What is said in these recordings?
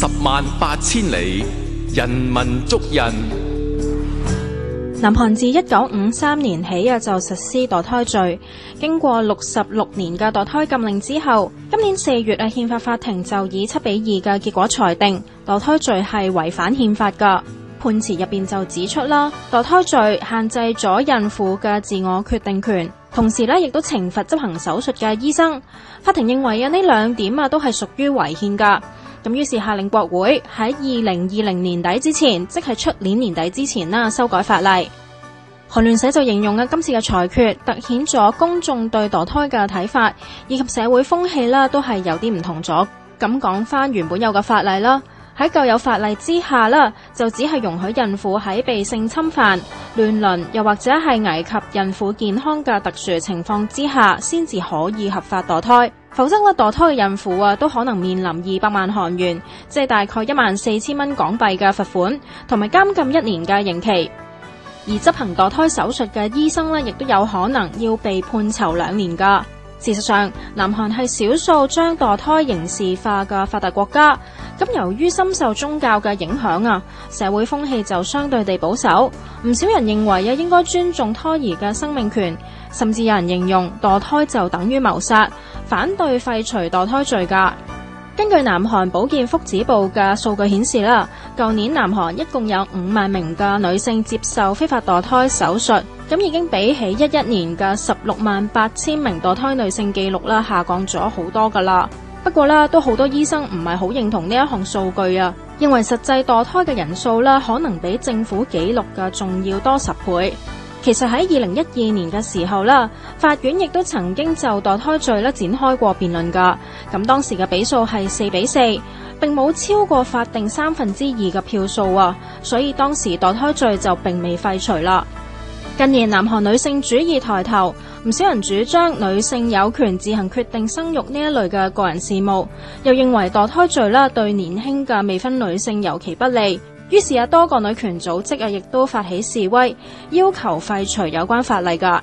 十萬八千里，人文足印。南韓自一九五三年起啊，就實施墮胎罪。經過六十六年嘅墮胎禁令之後，今年四月啊，憲法法庭就以七比二嘅結果裁定墮胎罪係違反憲法嘅。判詞入邊就指出啦，墮胎罪限制咗孕婦嘅自我決定權，同時咧亦都懲罰執行手術嘅醫生。法庭認為啊，呢兩點啊都係屬於違憲噶。咁於是下令國會喺二零二零年底之前，即係出年年底之前啦，修改法例。韓聯社就形容啊，今次嘅裁決凸顯咗公眾對墮胎嘅睇法，以及社會風氣啦，都係有啲唔同咗。咁講返原本有嘅法例啦。喺舊有法例之下呢就只係容許孕婦喺被性侵犯、亂倫又或者係危及孕婦健康嘅特殊情況之下，先至可以合法墮胎。否則呢，墮胎嘅孕婦啊，都可能面臨二百萬韓元，即係大概一萬四千蚊港幣嘅罰款，同埋監禁一年嘅刑期。而執行墮胎手術嘅醫生呢，亦都有可能要被判囚兩年㗎。事實上，南韓係少數將墮胎刑事化嘅發達國家。咁由於深受宗教嘅影響啊，社會風氣就相對地保守。唔少人認為又應該尊重胎兒嘅生命權，甚至有人形容墮胎就等於謀殺，反對廢除墮胎罪㗎。根據南韓保健福祉部嘅數據顯示啦，舊年南韓一共有五萬名嘅女性接受非法墮胎手術，咁已經比起一一年嘅十六萬八千名墮胎女性記錄啦，下降咗好多㗎喇。不過啦，都好多醫生唔係好認同呢一項數據啊，認為實際墮胎嘅人數啦，可能比政府紀錄嘅仲要多十倍。其實喺二零一二年嘅時候啦，法院亦都曾經就墮胎罪咧展開過辯論噶。咁當時嘅比數係四比四，並冇超過法定三分之二嘅票數啊，所以當時墮胎罪就並未廢除啦。近年，南韓女性主義抬頭。唔少人主張女性有權自行決定生育呢一類嘅個人事務，又認為墮胎罪啦對年輕嘅未婚女性尤其不利，於是有多個女權組織啊亦都發起示威，要求廢除有關法例。噶，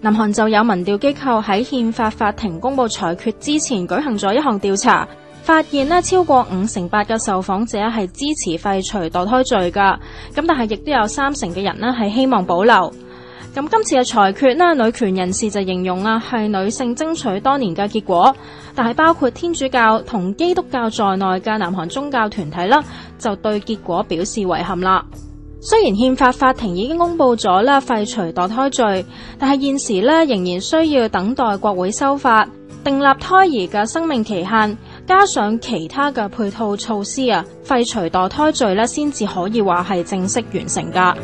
南韓就有民調機構喺憲法法庭公布裁決之前舉行咗一項調查，發現咧超過五成八嘅受訪者係支持廢除墮胎罪噶，咁但係亦都有三成嘅人咧係希望保留。咁今次嘅裁決咧，女權人士就形容啊，係女性爭取多年嘅結果，但係包括天主教同基督教在內嘅南韓宗教團體啦，就對結果表示遺憾啦。雖然憲法法庭已經公布咗啦廢除墮胎罪，但係現時咧仍然需要等待國會修法，訂立胎兒嘅生命期限，加上其他嘅配套措施啊，廢除墮胎罪咧先至可以話係正式完成㗎。